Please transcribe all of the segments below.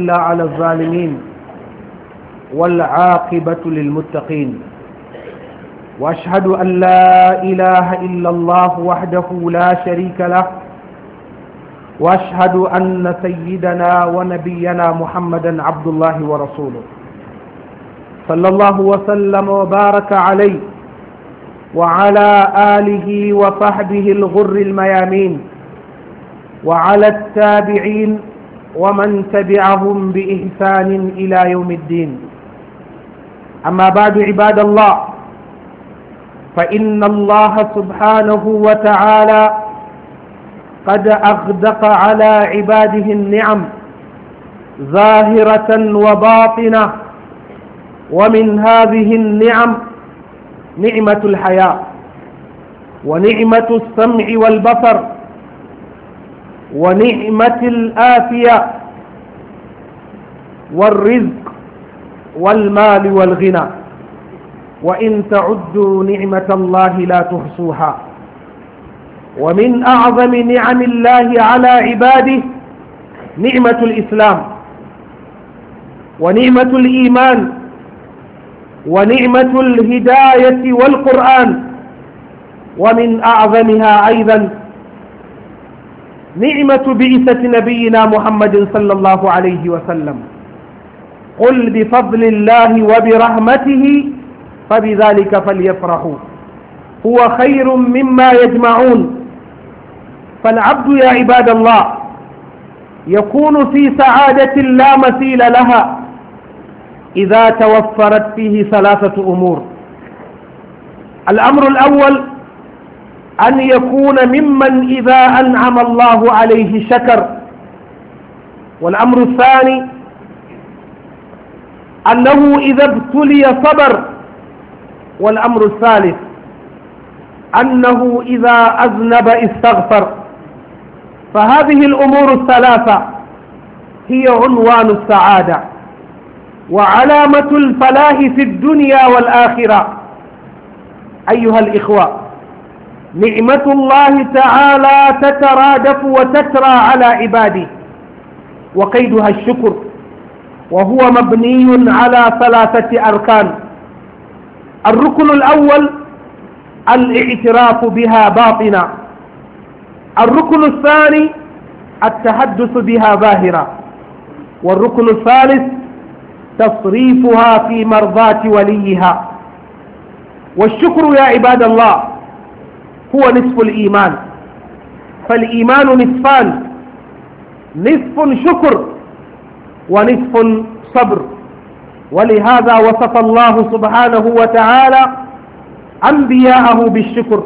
إلا على الظالمين والعاقبة للمتقين وأشهد أن لا إله إلا الله وحده لا شريك له وأشهد أن سيدنا ونبينا محمدا عبد الله ورسوله صلى الله وسلم وبارك عليه وعلى آله وصحبه الغر الميامين وعلى التابعين ومن تبعهم بإحسان إلى يوم الدين أما بعد عباد الله فإن الله سبحانه وتعالى قد أغدق على عباده النعم ظاهرة وباطنة ومن هذه النعم نعمة الحياة ونعمة السمع والبصر ونعمة الآفية والرزق والمال والغنى وإن تعدوا نعمة الله لا تحصوها ومن أعظم نعم الله على عباده نعمة الإسلام ونعمة الإيمان ونعمة الهداية والقرآن ومن أعظمها أيضا نعمة بعثة نبينا محمد صلى الله عليه وسلم قل بفضل الله وبرحمته فبذلك فليفرحوا هو خير مما يجمعون فالعبد يا عباد الله يكون في سعادة لا مثيل لها إذا توفرت فيه ثلاثة أمور الأمر الأول أن يكون ممن إذا أنعم الله عليه شكر والأمر الثاني أنه إذا ابتلي صبر والأمر الثالث أنه إذا أذنب استغفر فهذه الأمور الثلاثة هي عنوان السعادة وعلامة الفلاح في الدنيا والآخرة أيها الإخوة نعمة الله تعالى تترادف وتترى على عباده وقيدها الشكر وهو مبني على ثلاثة أركان الركن الأول الاعتراف بها باطنا الركن الثاني التحدث بها ظاهرا والركن الثالث تصريفها في مرضاة وليها والشكر يا عباد الله هو نصف الإيمان فالإيمان نصفان نصف شكر ونصف صبر ولهذا وصف الله سبحانه وتعالى أنبياءه بالشكر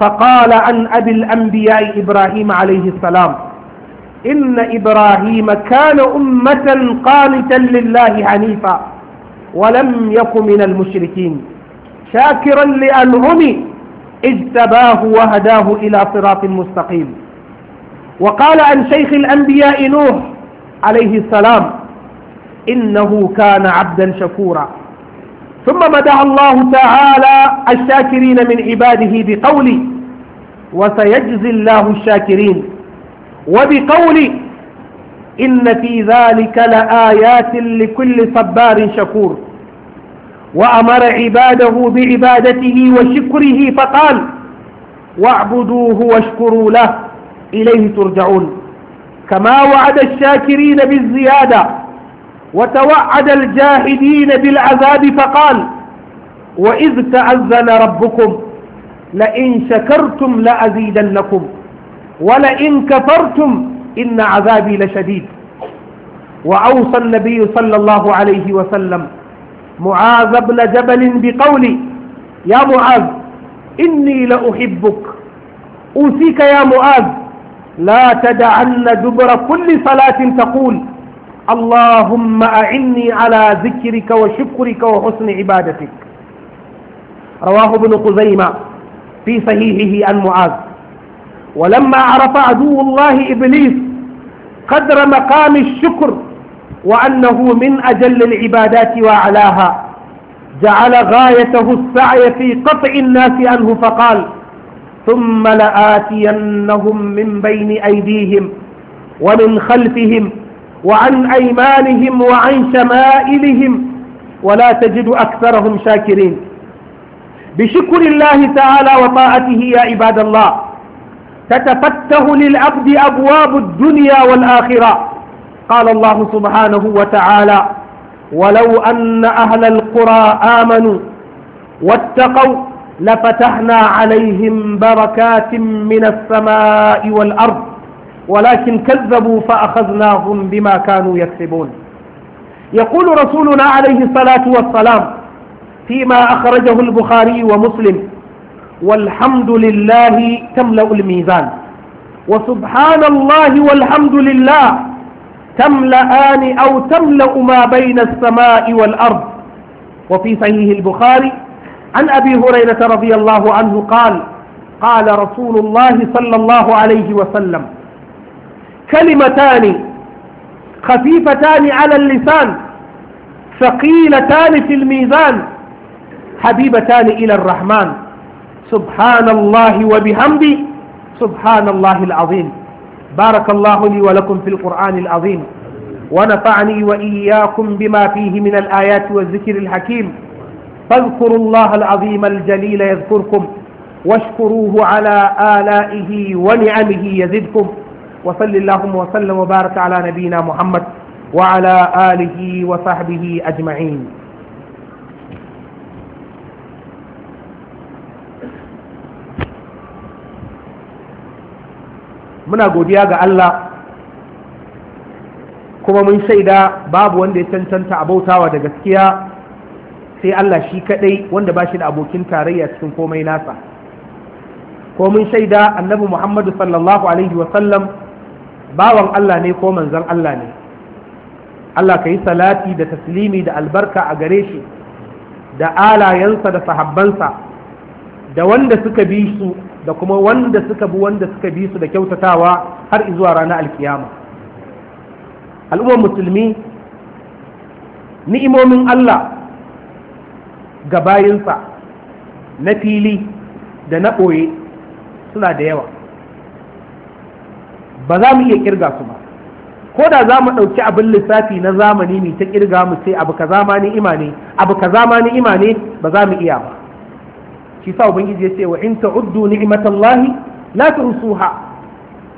فقال عن أبي الأنبياء إبراهيم عليه السلام إن إبراهيم كان أمة قانتا لله حنيفا ولم يك من المشركين شاكرا لأنعمه اجتباه وهداه إلى صراط مستقيم وقال عن شيخ الأنبياء نوح عليه السلام إنه كان عبدا شكورا ثم مدح الله تعالى الشاكرين من عباده بقولي وسيجزي الله الشاكرين وبقولي إن في ذلك لآيات لكل صبار شكور وأمر عباده بعبادته وشكره فقال واعبدوه واشكروا له إليه ترجعون كما وعد الشاكرين بالزيادة وتوعد الجاهدين بالعذاب فقال وإذ تأذن ربكم لئن شكرتم لأزيدنكم ولئن كفرتم إن عذابي لشديد وأوصى النبي صلى الله عليه وسلم معاذ بن جبل بقولي يا معاذ إني لأحبك أوصيك يا معاذ لا تدعن دبر كل صلاة تقول اللهم أعني على ذكرك وشكرك وحسن عبادتك رواه ابن خزيمة في صحيحه عن معاذ ولما عرف عدو الله إبليس قدر مقام الشكر وأنه من أجل العبادات وأعلاها جعل غايته السعي في قطع الناس عنه فقال ثم لآتينهم من بين أيديهم ومن خلفهم وعن أيمانهم وعن شمائلهم ولا تجد أكثرهم شاكرين بشكر الله تعالى وطاعته يا عباد الله تتفتح للعبد أبواب الدنيا والآخرة قال الله سبحانه وتعالى ولو أن أهل القرى آمنوا واتقوا لفتحنا عليهم بركات من السماء والأرض ولكن كذبوا فأخذناهم بما كانوا يكسبون يقول رسولنا عليه الصلاة والسلام فيما أخرجه البخاري ومسلم والحمد لله تملأ الميزان وسبحان الله والحمد لله تملأان أو تملأ ما بين السماء والأرض وفي صحيح البخاري عن أبي هريرة رضي الله عنه قال قال رسول الله صلى الله عليه وسلم كلمتان خفيفتان على اللسان ثقيلتان في الميزان حبيبتان إلى الرحمن سبحان الله وبحمده سبحان الله العظيم بارك الله لي ولكم في القرآن العظيم ونفعني وإياكم بما فيه من الآيات والذكر الحكيم فاذكروا الله العظيم الجليل يذكركم واشكروه على آلائه ونعمه يزدكم وصل اللهم وسلم وبارك على نبينا محمد وعلى آله وصحبه أجمعين muna godiya ga Allah kuma mun shaida babu wanda ya cancanta a da gaskiya sai Allah shi kadai wanda ba shi da abokin tarayya cikin komai nasa ko mun shaida annabi Muhammadu sallallahu alaihi wasallam bawan Allah ne ko manzon Allah ne Allah ka yi salati da taslimi da albarka a gare shi da alayensa da sahabbansa da wanda suka bi su da kuma wanda suka bi wanda suka bi su da kyautatawa har zuwa rana alkiyama al'ummar musulmi ni'imomin Allah ga bayinsa na fili da na ɓoye suna da yawa ba za mu iya kirga su ba ko da za mu ɗauki abin lissafi na zamani ne ta kirga mu sai abu ka zama ni'ima ne abu ni'ima ne ba za mu iya ba shi sa ubangiji ya ce wa in ta'uddu ni'matallahi la tuhsuha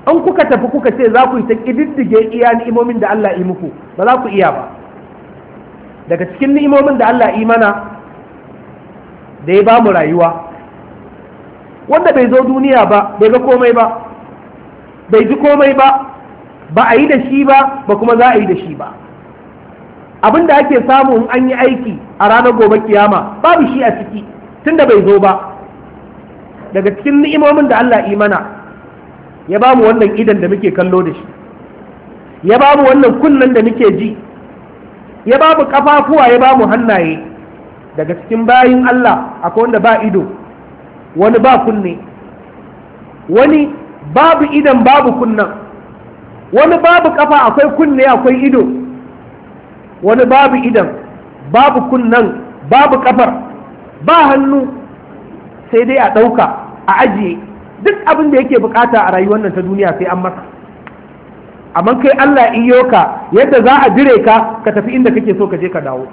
an kuka tafi kuka ce za ku yi ta kididdige iya ni'imomin da Allah yi muku ba za ku iya ba daga cikin ni'imomin da Allah yi mana da ya ba mu rayuwa wanda bai zo duniya ba bai ga komai ba bai ji komai ba ba a yi da shi ba ba kuma za a yi da shi ba abin da ake samu in an yi aiki a ranar gobe kiyama babu shi a ciki tunda bai zo ba daga cikin ni'imomin da Allah imana ya ba mu wannan idan da muke kallo da shi ya ba mu wannan kunnen da muke ji ya ba mu kafafuwa ya ba mu hannaye daga cikin bayin Allah akwai wanda ba ido wani ba kunne wani babu idan babu kunnan wani babu kafa akwai kunne akwai ido wani babu idan babu kunnan babu kafar ba hannu sai dai a ɗauka a ajiye duk abin da yake bukata a rayuwar nan ta duniya sai an masa amma kai Allah in ka yadda za a jire ka ka tafi inda kake so ka je ka dawo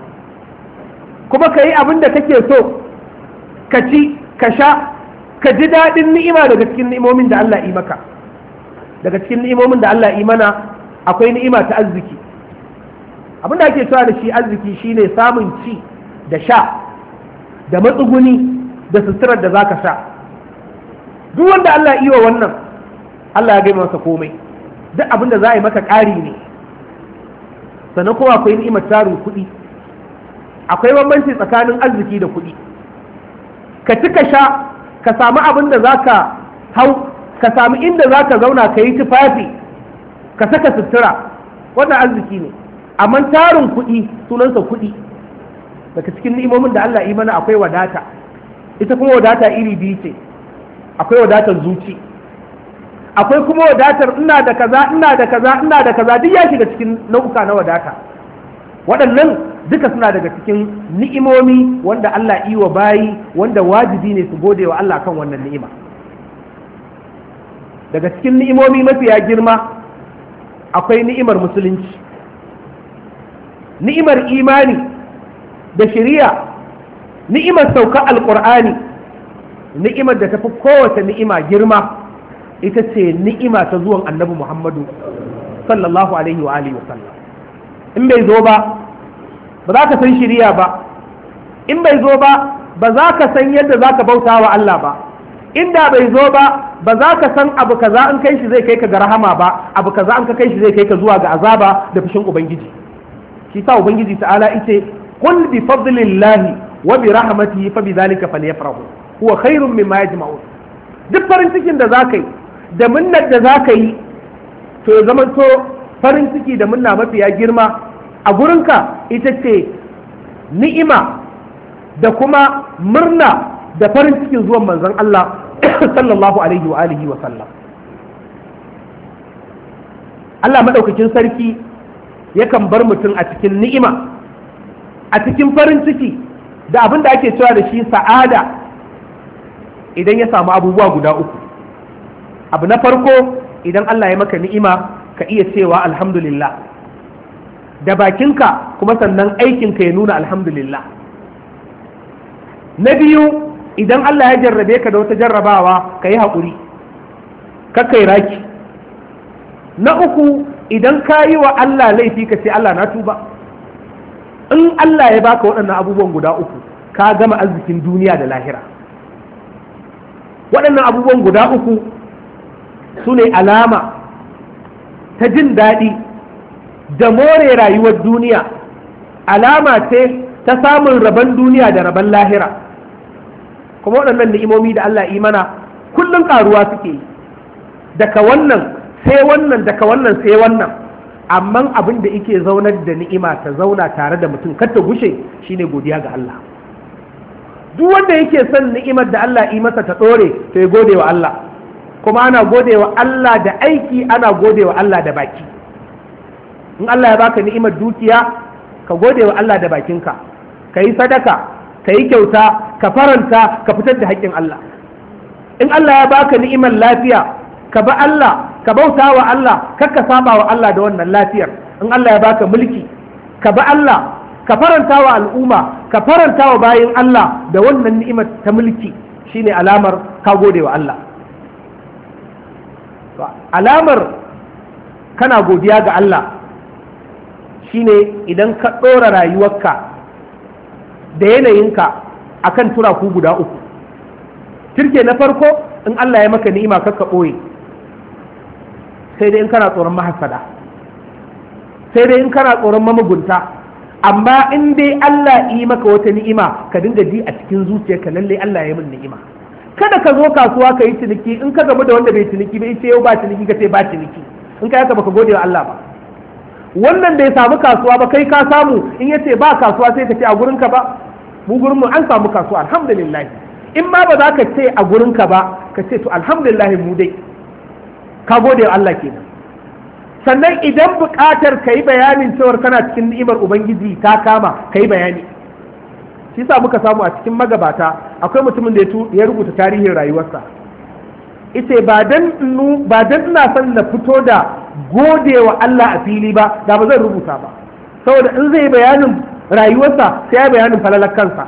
kuma ka yi abin da kake so ka ci ka sha ka ji daɗin ni'ima daga cikin ni'imomin da Allah yi maka daga cikin ni'imomin da Allah yi mana akwai ni'ima ta arziki abin da ake cewa da shi arziki shine samun ci da sha da matsuguni da suturar da zaka sha duk wanda Allah iya wannan Allah ya masa komai duk abin da za a yi maka ƙari ne sannan kuma akwai ni'imar tarin kuɗi akwai bambanci tsakanin arziki da kuɗi ka ci ka sha ka samu abin da za ka hau ka samu inda za ka zauna ka yi tufafi ka saka sutura wannan arziki ne amma tarin kuɗi sunansa kuɗi daga cikin ni'imomin da Allah imana akwai wadata ita kuma wadata iri biyu ce akwai wadatar zuci akwai kuma wadatar ina da kaza ina da kaza ina da kaza duk ya shiga cikin nau'uka na wadata waɗannan duka suna daga cikin ni'imomi wanda Allah wa bayi wanda wajibi ne su gode wa Allah kan wannan ni'ima daga cikin ni'imomi mafiya girma akwai ni'imar musulunci ni'imar imani da shiriya ni'imar sauka alkur'ani ni'imar da tafi kowace ni'ima girma ita ce ni'ima ta zuwan annabi muhammadu sallallahu alaihi wa alihi wasallam in bai zo ba ba za ka san shiriya ba in bai zo ba ba za ka san yadda za ka bauta wa Allah ba inda bai zo ba ba za ka san abu kaza in kai shi zai kai ka ga rahama ba abu kaza in ka kai shi zai kai ka zuwa ga azaba da fushin ubangiji Shisa sa ubangiji ta'ala ita قل بفضل الله وبرحمته فبذلك فليفرحوا هو خير مما يجمعون duk farin cikin da za ka yi da munnar da za ka yi to ya zama to farin ciki da munna mafiya girma a gurinka ita ce ni'ima da kuma murna da farin cikin zuwan manzon Allah sallallahu alaihi wa alihi wa sallam Allah madaukakin sarki yakan bar mutum a cikin ni'ima a cikin farin ciki da abin da ake cewa da shi sa'ada idan ya samu abubuwa guda uku abu na farko idan Allah ya maka ni'ima ka iya cewa alhamdulillah da bakinka kuma sannan aikinka ya nuna alhamdulillah na biyu idan Allah ya jarrabe ka da wata jarrabawa ka yi haƙuri ka kakai raki na uku idan ka yi wa Allah laifi ka ce Allah na tuba in Allah ya baka waɗannan abubuwan guda uku ka gama arzikin duniya da lahira waɗannan abubuwan guda uku su ne alama ta jin daɗi da more rayuwar duniya alama ce ta samun rabon duniya da rabon lahira kuma waɗannan ni'imomi da Allah imana kullum ƙaruwa suke daga wannan sai wannan daga wannan sai wannan amma abin da yake zaunar da ni'ima ta zauna tare da mutum kar ta gushe shine godiya ga Allah duk wanda yake son ni'imar da Allah yi masa ta dore to ya gode wa Allah kuma ana gode wa Allah da aiki ana gode wa Allah da baki in Allah ya baka ni'imar dukiya ka gode wa Allah da bakinka ka yi sadaka ka yi kyauta ka faranta ka fitar da haƙƙin Allah in Allah ya baka ni'imar lafiya ka bi Allah ka bauta wa Allah kakka saba wa Allah da wannan lafiyar in Allah ya baka mulki ka ba Allah ka faranta wa al'umma ka faranta wa bayin Allah da wannan ni'imar ta mulki shine alamar ka gode wa Allah alamar kana godiya ga Allah shine idan ka ɗora rayuwarka da yanayinka akan turaku guda uku turke na farko in Allah ya maka ni'ima kakka ɓoye sai dai in kana tsoron mahasada sai dai in kana tsoron mamugunta amma in dai Allah yi maka wata ni'ima ka dinga ji a cikin zuciyarka lalle Allah ya min ni'ima kada ka zo kasuwa ka yi ciniki in ka gamu da wanda bai ciniki bai ce yau ba ciniki ka ce ba ciniki in ka yaka baka gode wa Allah ba wannan bai samu kasuwa ba kai ka samu in ya ce ba kasuwa sai ka ce a gurinka ba mu gurin mu an samu kasuwa alhamdulillah in ma ba za ka ce a ka ba ka ce to alhamdulillah mu dai ka gode wa Allah kenan sannan idan buƙatar ka yi bayanin cewar kana cikin ni'imar ubangiji ta kama ka yi bayani shi sa muka samu a cikin magabata akwai mutumin da ya rubuta tarihin rayuwarsa ita ba dan ina son na fito da gode wa Allah a fili ba da ba zan rubuta ba saboda in zai bayanin rayuwarsa sai ya bayanin falalar kansa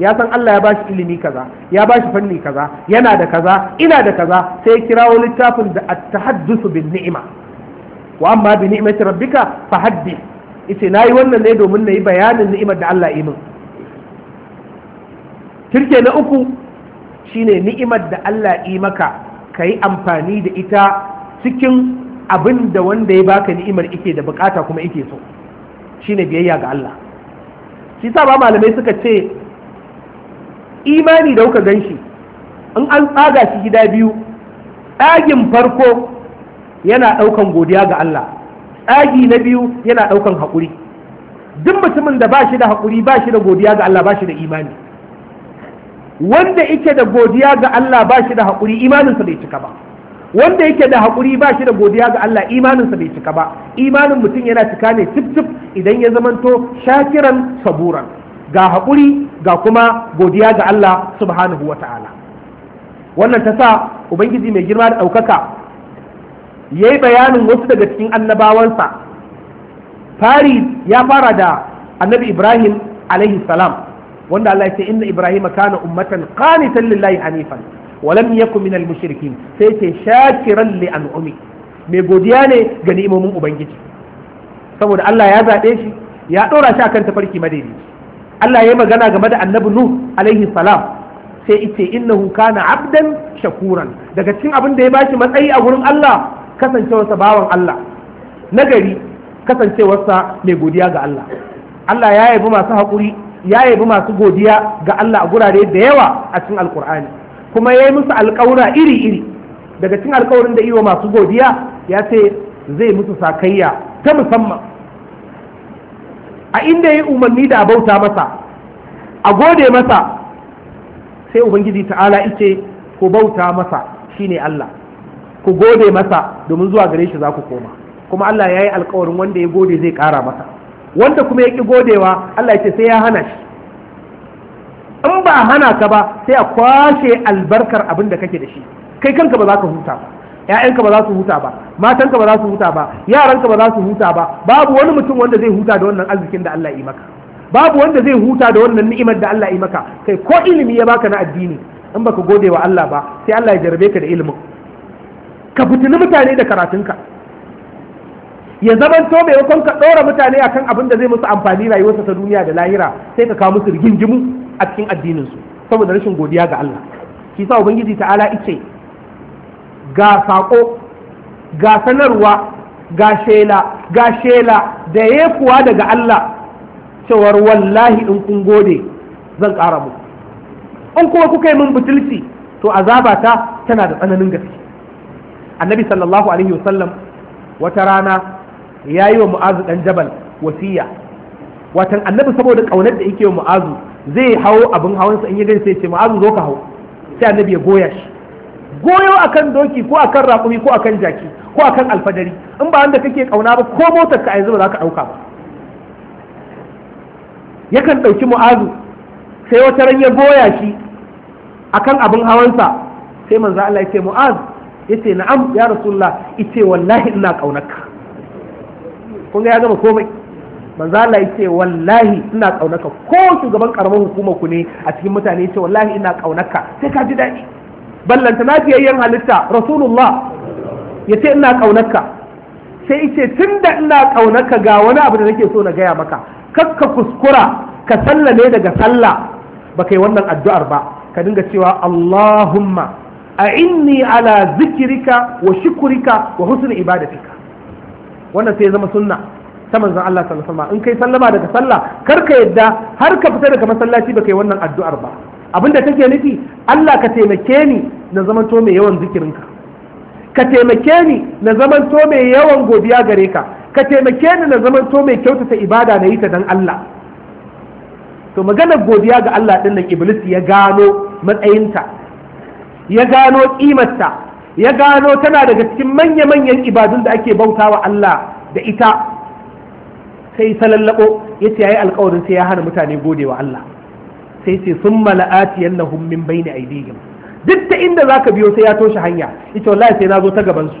ya san Allah ya bashi ilimi kaza ya bashi fanni kaza yana da kaza ina da kaza sai kirawo littafin da at-tahaddusu bin ni'ima wa amma bi ni'mati rabbika haddi. ita nayi wannan ne domin nayi bayanin ni'imar da Allah yi min kirke na uku shine ni'imar da Allah yi maka kai amfani da ita cikin abin da wanda ya baka ni'imar ike da bukata kuma ike so shine biyayya ga Allah shi sa ba malamai suka ce imani da kuka ganshi in an tsaga shi gida biyu tsagin farko yana ɗaukan godiya ga Allah tsagi na biyu yana ɗaukan haƙuri duk mutumin da ba shi da haƙuri ba shi da godiya ga Allah ba shi da imani wanda yake da godiya ga Allah ba shi da imaninsa bai cika ba wanda yake da hakuri ba shi da godiya ga Allah imaninsa bai cika ba imanin mutum yana cika ne tip tip idan ya zamanto shakiran saburan ga haƙuri ga kuma godiya ga Allah subhanahu wa ta'ala wannan ta sa ubangiji mai girma da ɗaukaka ya yi bayanin wasu daga cikin annabawansa fari ya fara da annabi ibrahim alaihi salam wanda Allah ya ce inna ibrahim kana ummatan qanitan lillahi hanifan wa lam yakun minal mushrikin sai ce shakiran li an'umi mai godiya ne ga ni'imomin ubangiji saboda Allah ya zaɓe shi ya ɗora shi akan tafarki madaidaici Allah ya magana game da annabi Nuh alaihi salam sai ite innahu kana abdan shakuran daga cikin abin da ya bashi matsayi a gurin Allah kasancewarsa bawan Allah nagari kasancewarsa mai godiya ga Allah Allah ya yabi masu haƙuri ya yabi masu godiya ga Allah a gurare da yawa a cikin alkur'ani kuma ya yi musu alƙawura iri-iri daga cikin alƙawarin da iwa masu godiya ya ce zai musu sakayya ta musamman a inda ya yi umarni da bauta masa a gode masa sai ubangiji ta'ala ice ku bauta masa shine Allah ku gode masa domin zuwa gare shi za ku koma kuma Allah ya yi alkawarin wanda ya gode zai kara masa wanda kuma ya ƙi godewa Allah ya ce sai ya hana shi in ba hana ka ba sai a kwashe albarkar abin da kake da shi kai kanka ba za ka huta ba Ya'yanka ba za su huta ba matanka ba za su huta ba yaranka ba za su huta ba babu wani mutum wanda zai huta da wannan arzikin da Allah yi maka babu wanda zai huta da wannan ni'imar da Allah yi maka kai ko ilimi ya baka na addini in baka gode wa Allah ba sai Allah ya jarabe ka da ilimin ka fitini mutane da karatunka ya zama to maimakon ka ɗora mutane akan abin da zai musu amfani rayuwarsa ta duniya da lahira sai ka kawo musu rigingimu a cikin addininsu saboda rashin godiya ga Allah shi sa ubangiji ta'ala ice ga saƙo ga sanarwa ga shela ga shela da ya kuwa daga Allah cewar wallahi in kun gode zan ƙara mu. in kuma kuka yi min butulci to azaba ta tana da tsananin gaske annabi sallallahu alaihi wasallam wata rana ya yi wa mu'azu ɗan jabal wasiya watan annabi saboda ƙaunar da yake wa mu'azu zai hawo abin hawansa in ya gani sai ce mu'azu zo ka hau sai annabi ya goya shi goyo akan doki ko akan raƙumi ko akan jaki ko akan alfadari in ba wanda kake kauna ba ko motar ka a yanzu ba za ka ɗauka ba yakan ɗauki mu'azu sai wata ran ya goya shi akan abin hawansa sai manzo Allah ya ce mu'az ya ce na'am ya rasulullah ce wallahi ina kaunaka kun ga ya gama komai manzo Allah ya ce wallahi ina ka ko shugaban karamar hukumar ku ne a cikin mutane ya ce wallahi ina kaunaka sai ka ji daɗi ballanta na fiyayyen halitta rasulullah ya ce ina ƙaunarka sai ice tun da ina ƙaunarka ga wani abu da nake so na gaya maka ka kuskura ka sallame daga sallah ba kai wannan addu'ar ba ka dinga cewa allahumma a inni ala zikirika wa shukurika wa husni ibadatika wannan sai ya zama sunna ta manzon Allah sallallahu alaihi wasallam in kai sallama daga sallah kar ka yadda har ka fita daga masallaci ba kai wannan addu'ar ba Abin da take nufi Allah ka taimake ni na zamanto mai yawan zikirinka ka taimake ni na zamanto mai yawan godiya gare ka ka taimake ni na zamanto mai kyautata ibada na yi ta dan Allah to maganar godiya ga Allah din nan iblis ya gano matsayinta ya gano kimarta ya gano tana daga cikin manya-manyan ibadun da ake bautawa Allah da ita sai salallabo ya ce ya yi alkawarin sai ya hana mutane gode wa Allah sai ce sun mala'ati yallahum min baini aidihim duk ta inda za ka biyo sai ya toshe hanya ita wallahi sai nazo ta gabansu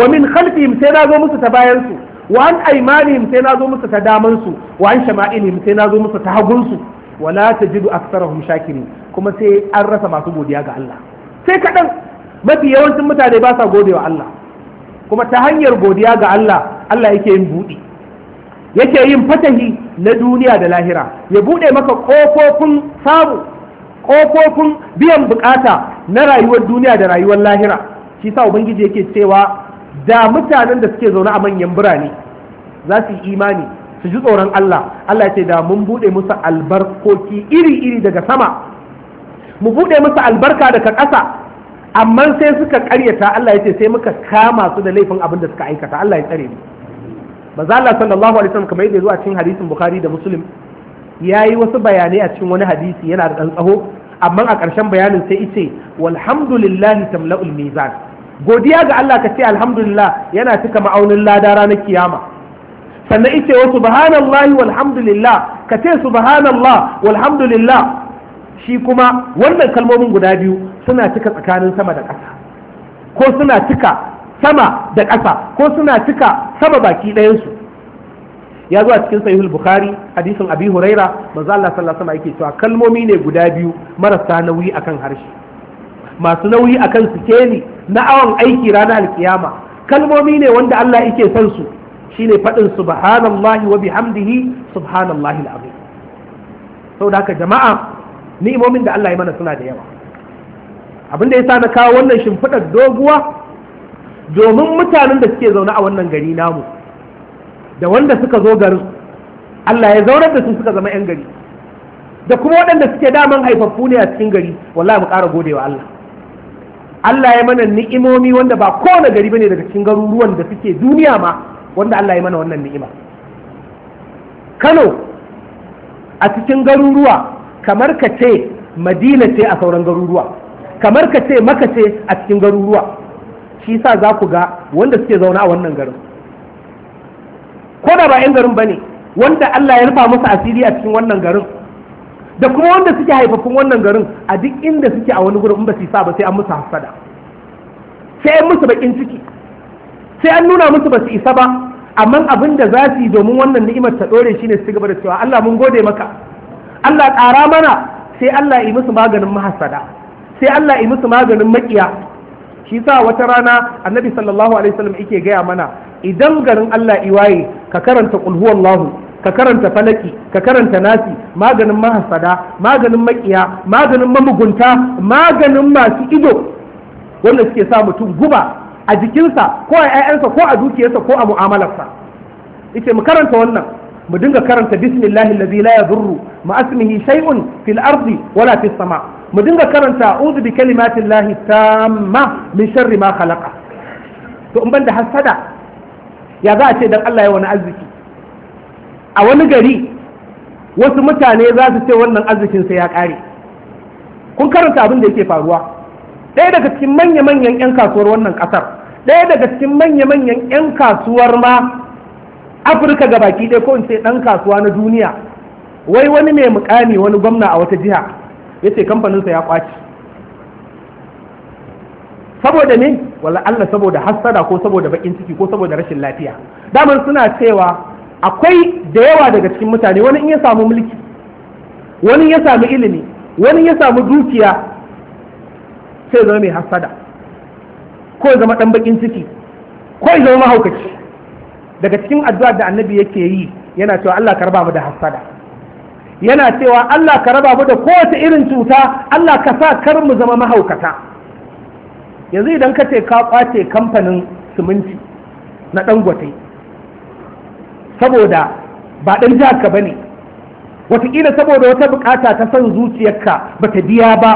wa min khalfihim sai nazo musu ta bayansu wa an aimanihim sai nazo musu ta damansu wa an shama'ilihim sai nazo musu ta hagun su wala tajidu aktsarahum shakirin kuma sai an rasa masu godiya ga Allah sai kaɗan mafi yawancin mutane ba sa godewa Allah kuma ta hanyar godiya ga Allah Allah yake yin buɗi yake yin fatahi na duniya da lahira ya buɗe maka ƙofofin samu ƙofofin biyan bukata na rayuwar duniya da rayuwar lahira shi sa ubangiji yake cewa da mutanen da suke zaune a manyan birane za su yi imani su ji tsoron Allah Allah ce da mun buɗe musu albarkoki iri-iri daga sama mu buɗe musu albarka daga ƙasa amma sai suka ƙaryata Allah ya ce sai muka kama su da laifin abin da suka aikata Allah ya tsare mu manzo Allah sallallahu alaihi wasallam kamar yadda zuwa cikin hadisin Bukhari da Muslim yayi wasu bayanai a cikin wani hadisi yana da ɗan tsaho amma a ƙarshen bayanin sai ice walhamdulillahi tamla'ul mizan godiya ga Allah ka ce alhamdulillah yana cika ma'aunin lada ranar kiyama sannan ice wa subhanallahi walhamdulillah ka ce subhanallah walhamdulillah shi kuma wannan kalmomin guda biyu suna cika tsakanin sama da ƙasa ko suna cika sama da ƙasa ko suna cika sama baki ɗayansu ya zuwa cikin sahihul bukhari hadisin abi huraira manzo Allah sallallahu alaihi yake cewa kalmomi ne guda biyu marasa nauyi akan harshe masu nauyi akan sikeli na awon aiki ranar alkiyama kalmomi ne wanda Allah yake son su shine fadin subhanallahi wa bihamdihi subhanallahi alazim saboda haka jama'a ni'imomin da Allah ya mana suna da yawa abin da yasa na kawo wannan shimfidar doguwa domin mutanen da suke zaune a wannan gari namu da wanda suka zo garin Allah ya zaunar da su suka zama 'yan gari da kuma waɗanda suke daman haifaffu ne a cikin gari wallahi mu ƙara godewa Allah Allah ya mana ni'imomi wanda ba kowane gari bane daga cikin garuruwan da suke duniya ma wanda Allah ya mana wannan ni'ima Kano a cikin garuruwa kamar ka ce Madina ce a sauran garuruwa kamar ka ce Maka ce a cikin garuruwa shi sa za ku ga wanda suke zauna a wannan garin ko da ba 'yan garin ba ne wanda Allah ya rufa musu asiri a cikin wannan garin da kuma wanda suke haifafin wannan garin a duk inda suke a wani gurin ba su sa ba sai an musu hasada sai an musu bakin ciki sai an nuna musu ba su isa ba amma abin da za su yi domin wannan ni'imar ta dore shine su gaba da cewa Allah mun gode maka Allah ƙara mana sai Allah yi musu maganin mahasada sai Allah yi musu maganin makiya shi sa wata rana annabi sallallahu alaihi wasallam yake gaya mana idan garin Allah iwaye ka karanta qul huwallahu ka karanta falaki ka karanta nasi maganin mahasada maganin makiya maganin mamugunta maganin masu ido wanda suke sa mutum guba a jikinsa ko a 'ya'yansa ko a dukiyarsa ko a mu'amalarsa yace mu karanta wannan mu dinga karanta bismillahi allazi la yadurru ma asmihi shay'un fil ardi wala fis sama' mu dinga karanta a'udhu bi kalimatin lahi tamma min sharri ma khalaqa to in banda hasada ya za a ce dan Allah ya wani arziki a wani gari wasu mutane za su ce wannan arzikin sai ya kare kun karanta abin da yake faruwa ɗaya daga cikin manya-manyan 'yan kasuwar wannan ƙasar ɗaya daga cikin manya-manyan 'yan kasuwar ma afirka gabaki baki ɗaya ko in ce ɗan kasuwa na duniya wai wani mai mukami wani gwamna a wata jiha ce kamfaninsa ya kwaci saboda ne wala Allah saboda hasada, ko saboda bakin ciki ko saboda rashin lafiya damar suna cewa akwai da yawa daga cikin mutane wani in ya samu mulki wani ya samu ilimi wani ya samu dukiya sai zama mai hasada, ko ya zama dan bakin ciki ko ya zama mahaukaci daga cikin addu'ar da annabi yake yi yana cewa Allah karba mu da hasada. yana cewa Allah ka raba mu da kowace irin cuta Allah ka sa kar mu zama mahaukata yanzu idan ka ce ka kwace kamfanin siminti na dangote saboda ba dan jaka bane watakila saboda wata bukata ta son zuciyarka ba ta biya ba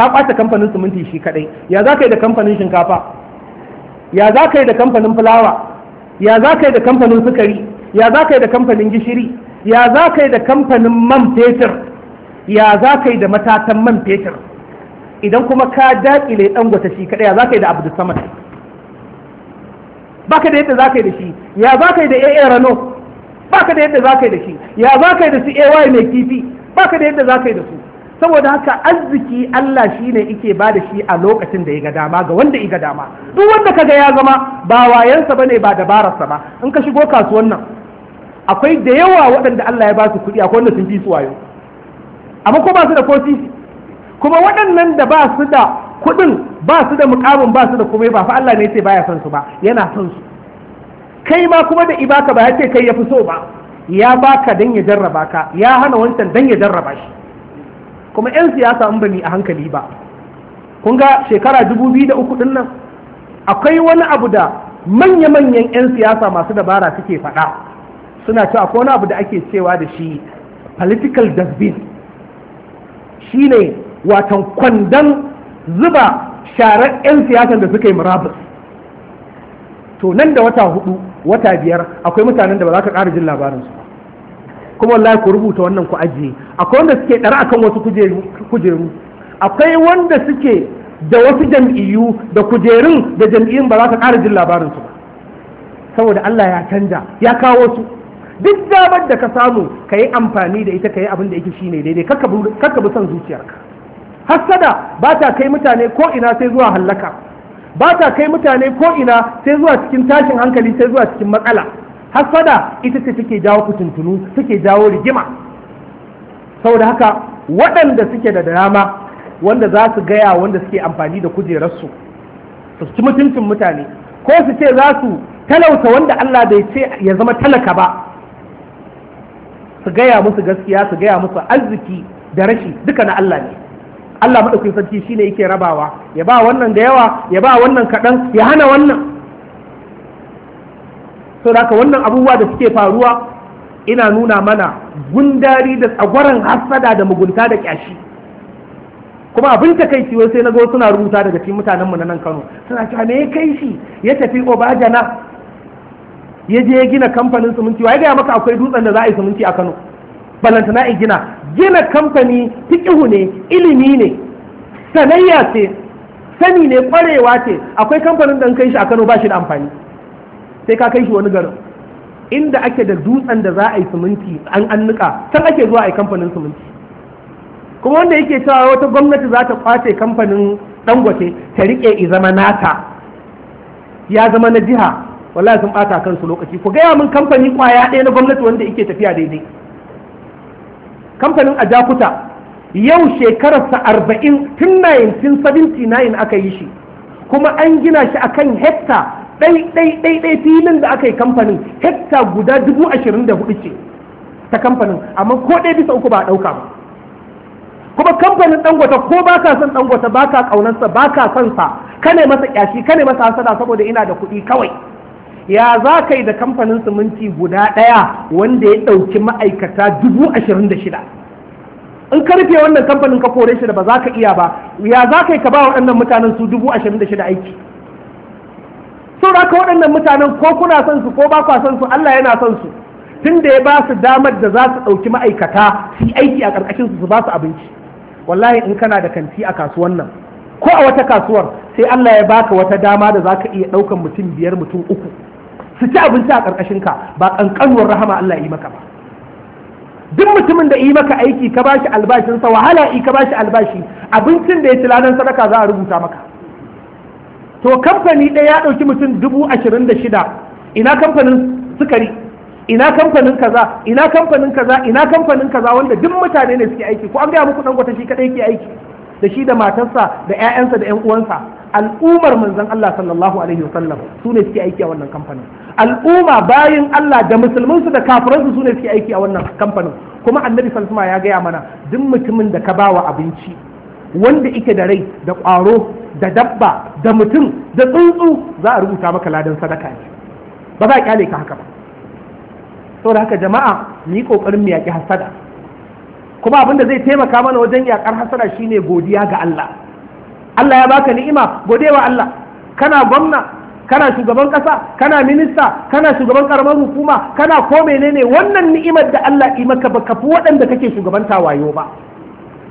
ka kwace kamfanin siminti shi kadai ya za ka yi da kamfanin shinkafa ya za ka yi da kamfanin fulawa ya za ka yi da kamfanin sukari ya za ka yi da kamfanin gishiri ya za ka yi da kamfanin man fetur ya za ka yi da matatan man fetur idan kuma ka daƙile ɗan gwata shi kaɗai ya za ka yi da abu saman ba ka da yadda za ka yi da shi ya za ka yi da AA rano ba ka da yadda za ka yi da shi ya za ka yi da su AY mai kifi ba ka da yadda za ka yi da su saboda haka arziki Allah shi ne ike ba da shi a lokacin da ya ga dama ga wanda ya ga dama duk wanda ka ga ya zama ba wayansa bane ba dabararsa ba in ka shigo kasuwan nan akwai da yawa waɗanda Allah ya ba su kuɗi akwai wanda sun fi su wayo amma ko ba su da kofi kuma waɗannan da ba su da kuɗin ba su da muƙamin ba su da komai ba fa Allah ne ce baya son su ba yana son su kai ma kuma da ibaka ba ya ce kai ya fi so ba ya baka dan ya jarraba ka ya hana wancan dan ya jarraba shi kuma 'yan siyasa in bani a hankali ba kun ga shekara uku din nan akwai wani abu da manya-manyan 'yan siyasa masu dabara suke faɗa suna cewa ko wani abu da ake cewa da shi political dustbin shi ne watan kwandon zuba sharar 'yan siyasan da suka yi murabus to nan da wata hudu wata biyar akwai mutanen da ba za ka ƙara jin labarinsu kuma wallahi ku rubuta wannan ku ajiye akwai wanda suke a akan wasu kujeru akwai wanda suke da wasu jam'iyyu da kujerun da jam'iyyun ba za ka ƙara jin labarinsu ba saboda Allah ya canja ya kawo su duk damar da ka samu ka yi amfani da ita ka yi abin da yake shine daidai kakka bi son zuciyarka hassada ba ta kai mutane ko ina sai zuwa hallaka ba ta kai mutane ko ina sai zuwa cikin tashin hankali sai zuwa cikin matsala hassada ita ce take jawo kutuntunu take jawo rigima saboda haka waɗanda suke da dama wanda za su gaya wanda suke amfani da kujerarsu su ci mutuncin mutane ko su ce za su talauta wanda Allah bai ce ya zama talaka ba su gaya musu gaskiya su gaya musu arziki da rashi duka na Allah ne Allah madaukakin sarki shine yake rabawa ya ba wannan da yawa ya ba wannan kaɗan ya hana wannan sau da wannan abubuwa da suke faruwa ina nuna mana gundari da tsagwaron hasada da mugunta da kyashi kuma abin ta kai wai sai na go suna rubuta daga cikin mutanenmu na nan kano suna cewa me ya kai shi ya tafi obajana ya je ya gina kamfanin siminti wa ya gaya maka akwai dutsen da za a yi siminti a Kano balantana in gina gina kamfani fiƙihu ne ilimi ne sanayya ce sani ne kwarewa ce akwai kamfanin da kai shi a Kano ba shi da amfani sai ka kai shi wani garin inda ake da dutsen da za a yi siminti an an nika ake zuwa a yi kamfanin siminti kuma wanda yake cewa wata gwamnati za ta kwace kamfanin dangote ta rike i zama nata ya zama na jiha wallahi sun bata kansu lokaci ku gaya min kamfani kwaya ɗaya na gwamnati wanda yake tafiya daidai kamfanin ajakuta yau shekararsa arba'in tun 1979 aka yi shi kuma an gina shi akan hekta ɗai filin da aka yi kamfanin hekta guda dubu ashirin da hudu ce ta kamfanin amma ko ɗaya bisa uku ba a ɗauka ba kuma kamfanin dangwata ko ba ka son dangwata ba ka ƙaunarsa ba ka son sa kane masa ƙyashi kane masa hasada saboda ina da kuɗi kawai ya za ka yi da kamfanin siminti guda ɗaya wanda ya ɗauki ma'aikata dubu ashirin da shida in ka rufe wannan kamfanin ka kore shi da ba za ka iya ba ya za ka yi ka ba waɗannan mutanen su dubu ashirin da shida aiki sau da ka waɗannan mutanen ko kuna son su ko ba kwa son su Allah yana son su tun da ya ba su damar da za su ɗauki ma'aikata su yi aiki a ƙarƙashin su su ba su abinci wallahi in kana da kanti a kasuwan nan ko a wata kasuwar sai Allah ya baka wata dama da za ka iya ɗaukan mutum biyar mutum uku su ci abinci a ƙarƙashin ka ba ƙanƙanuwar rahama Allah yi maka ba duk mutumin da yi maka aiki ka bashi albashinsa wahala yi ka bashi albashi abincin da ya ci ladan sadaka za a rubuta maka to kamfani ɗaya ya ɗauki mutum dubu ashirin da shida ina kamfanin sukari ina kamfanin kaza ina kamfanin kaza ina kamfanin kaza wanda duk mutane ne suke aiki ko an gaya muku ɗan gwata shi kaɗai ke aiki da shi da matarsa da 'ya'yansa da 'yan uwansa al'ummar manzon Allah sallallahu alaihi wasallam su ne suke aiki a wannan kamfanin al'umma bayin Allah da musulmansu da kafiransu su ne suke aiki a wannan kamfanin kuma annabi sallallahu ya gaya mana duk mutumin da ka bawa abinci wanda ike da rai da ƙwaro da dabba da mutum da tsuntsu za a rubuta maka ladan sadaka ne ba za a kyale ka haka ba saboda haka jama'a mu yi ƙoƙarin mu yaƙi hasada kuma abin da zai taimaka mana wajen yakar hasara shine godiya ga Allah Allah ya baka ni'ima godewa Allah kana gwamna kana shugaban ƙasa? kana minista kana shugaban karamar hukuma kana ko menene wannan ni'imar da Allah yi maka baka fi waɗanda kake shugabanta wayo ba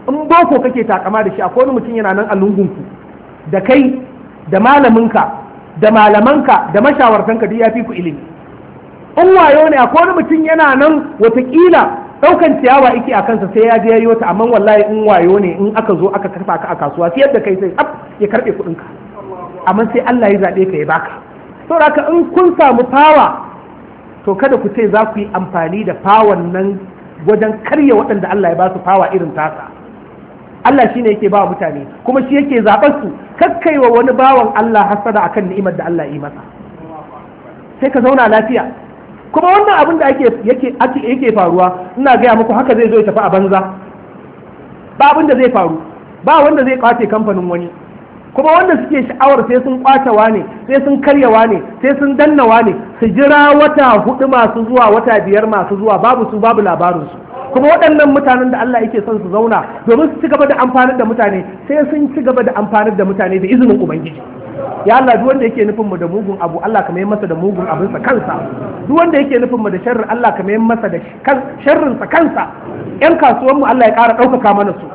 in boko kake takama da shi akwai wani mutum yana nan a lungunku da kai da malaminka da malamanka da mashawartanka duk ya fi ku ilimi in wayo ne akwai wani mutum yana nan watakila daukan ciyawa iki a kansa sai ya je yayi wata amma wallahi in wayo ne in aka zo aka karfa ka a kasuwa sai yadda kai sai ya karbe kudin ka amma sai Allah ya zabe ka ya baka to haka in kun samu fawa to kada ku ce za ku yi amfani da fawan nan wajen karya waɗanda Allah ya ba su fawa irin tasa Allah shi ne yake ba mutane kuma shi yake zaɓar su kakkaiwa wani bawan Allah hasada akan ni'imar da Allah ya yi masa sai ka zauna lafiya kuma wannan abin da yake faruwa ina gaya muku haka zai zo ya tafi a banza ba abin da zai faru ba wanda zai kwace kamfanin wani kuma wanda suke sha'awar sai sun kwatawa ne sai sun karyawa ne sai sun dannawa ne su jira wata hudu masu zuwa wata biyar masu zuwa babu su babu labarinsu kuma waɗannan mutanen da Allah yake son su zauna domin su ci gaba da amfani da mutane sai sun ci gaba da amfani da mutane da izinin ubangiji ya Allah duk wanda yake nufin da mugun abu Allah ka mai masa da mugun abin sa kansa duk wanda yake nufin da sharri Allah ka mai masa da sharrin kansa yan kasuwan mu Allah ya ƙara ɗaukaka mana su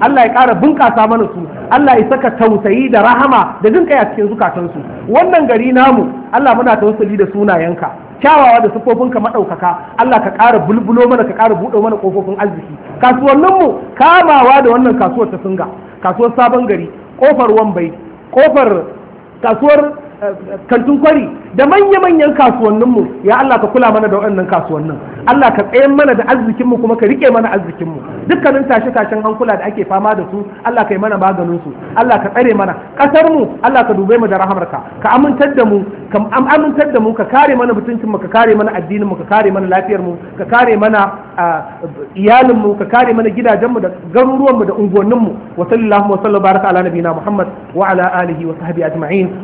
Allah ya ƙara bunƙasa mana su Allah ya saka tausayi da rahama da jin kai a cikin zukatansu wannan gari namu Allah muna tausali da sunayenka kyawawa da ka maɗaukaka Allah ka ƙara bulbulo mana ka ƙara buɗe mana kofofin arziki kasuwanninmu kamawa da wannan kasuwar ta singa kasuwar sabon gari ƙofar wambai ƙofar kasuwar kantin kwari da manya-manyan kasuwanninmu ya Allah ka kula mana da waɗannan kasuwannin Allah ka tsayen mana da arzikinmu kuma ka rike mana arzikinmu dukkanin tashe-tashen hankula da ake fama da su Allah ka yi mana maganin su Allah ka tsare mana ƙasar mu Allah ka dube mu da rahamarka ka amintar da mu ka amintar da mu ka kare mana mutuncin mu ka kare mana addinin mu ka kare mana lafiyar mu ka kare mana iyalin mu ka kare mana gidajen mu da garuruwan mu da unguwannin mu wa sallallahu wa sallam baraka ala nabiyina Muhammad wa ala alihi wa sahbihi ajma'in